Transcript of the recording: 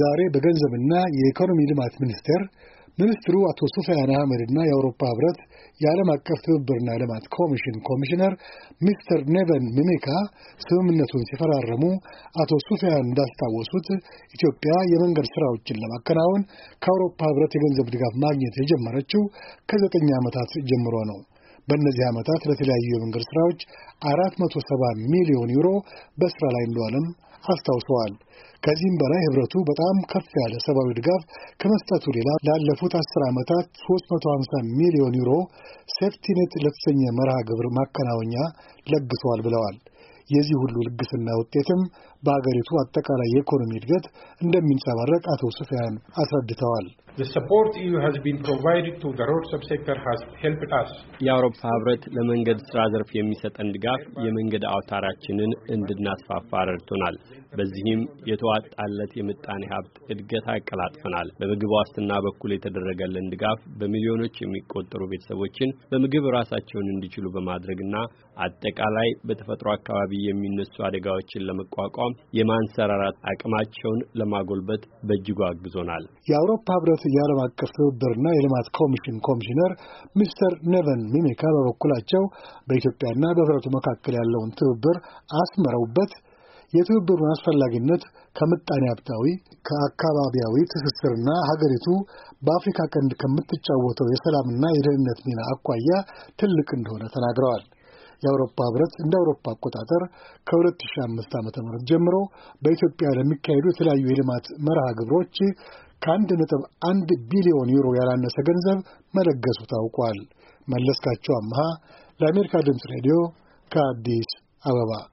ዛሬ በገንዘብና የኢኮኖሚ ልማት ሚኒስቴር ሚኒስትሩ አቶ ሱፊያን አህመድና የአውሮፓ ህብረት የዓለም አቀፍ ትብብርና ልማት ኮሚሽን ኮሚሽነር ሚስተር ኔቨን ሚሚካ ስምምነቱን ሲፈራረሙ አቶ ሱፊያን እንዳስታወሱት ኢትዮጵያ የመንገድ ሥራዎችን ለማከናወን ከአውሮፓ ህብረት የገንዘብ ድጋፍ ማግኘት የጀመረችው ከዘጠኝ ዓመታት ጀምሮ ነው። በእነዚህ ዓመታት ለተለያዩ የመንገድ ሥራዎች አራት መቶ ሰባ ሚሊዮን ዩሮ በሥራ ላይ እንደዋለም አስታውሰዋል። ከዚህም በላይ ህብረቱ በጣም ከፍ ያለ ሰብአዊ ድጋፍ ከመስጠቱ ሌላ ላለፉት አስር ዓመታት 350 ሚሊዮን ዩሮ ሴፍቲኔት ለተሰኘ መርሃ ግብር ማከናወኛ ለግሷል ብለዋል። የዚህ ሁሉ ልግስና ውጤትም በአገሪቱ አጠቃላይ የኢኮኖሚ እድገት እንደሚንጸባረቅ አቶ ስፊያን አስረድተዋል። የአውሮፓ ህብረት ለመንገድ ስራ ዘርፍ የሚሰጠን ድጋፍ የመንገድ አውታራችንን እንድናስፋፋ ረድቶናል። በዚህም የተዋጣለት የምጣኔ ሀብት እድገት አቀላጥፈናል። በምግብ ዋስትና በኩል የተደረገልን ድጋፍ በሚሊዮኖች የሚቆጠሩ ቤተሰቦችን በምግብ ራሳቸውን እንዲችሉ በማድረግና አጠቃላይ በተፈጥሮ አካባቢ የሚነሱ አደጋዎችን ለመቋቋም የማንሰራራት አቅማቸውን ለማጎልበት በእጅጉ አግዞናል። የአውሮፓ ህብረት የዓለም አቀፍ ትብብርና የልማት ኮሚሽን ኮሚሽነር ሚስተር ኔቨን ሚሜካ በበኩላቸው በኢትዮጵያና በህብረቱ መካከል ያለውን ትብብር አስምረውበት የትብብሩን አስፈላጊነት ከምጣኔ ሀብታዊ፣ ከአካባቢያዊ ትስስርና ሀገሪቱ በአፍሪካ ቀንድ ከምትጫወተው የሰላምና የደህንነት ሚና አኳያ ትልቅ እንደሆነ ተናግረዋል። የአውሮፓ ህብረት እንደ አውሮፓ አቆጣጠር ከ2005 ዓ ም ጀምሮ በኢትዮጵያ ለሚካሄዱ የተለያዩ የልማት መርሃ ግብሮች ከአንድ ነጥብ አንድ ቢሊዮን ዩሮ ያላነሰ ገንዘብ መለገሱ ታውቋል። መለስካቸው አምሃ ለአሜሪካ ድምፅ ሬዲዮ ከአዲስ አበባ